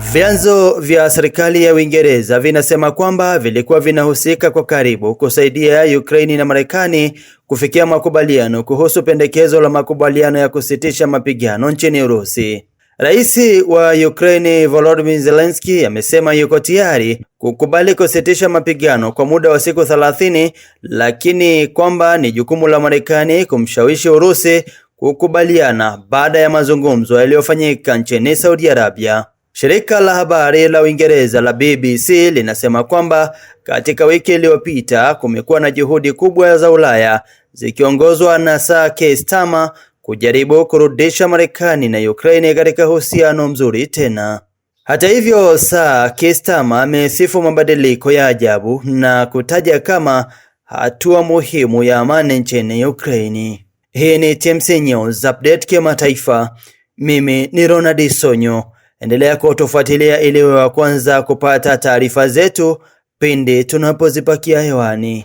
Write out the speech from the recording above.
Vyanzo vya serikali ya Uingereza vinasema kwamba vilikuwa vinahusika kwa karibu kusaidia Ukraini na Marekani kufikia makubaliano kuhusu pendekezo la makubaliano ya kusitisha mapigano nchini Urusi. Rais wa Ukraini Volodymyr Zelensky amesema yuko tayari kukubali kusitisha mapigano kwa muda wa siku 30 lakini kwamba ni jukumu la Marekani kumshawishi Urusi kukubaliana baada ya mazungumzo yaliyofanyika nchini Saudi Arabia. Shirika la habari la Uingereza la BBC linasema kwamba katika wiki iliyopita kumekuwa na juhudi kubwa za Ulaya zikiongozwa na Sir Keir Starmer kujaribu kurudisha Marekani na Ukraine katika uhusiano mzuri tena. Hata hivyo, Sir Keir Starmer amesifu mabadiliko ya ajabu na kutaja kama hatua muhimu ya amani nchini Ukraine. Hii ni TMC News Update kimataifa. Mimi ni Ronald Sonyo. Endelea kutufuatilia ili wa kwanza kupata taarifa zetu pindi tunapozipakia hewani.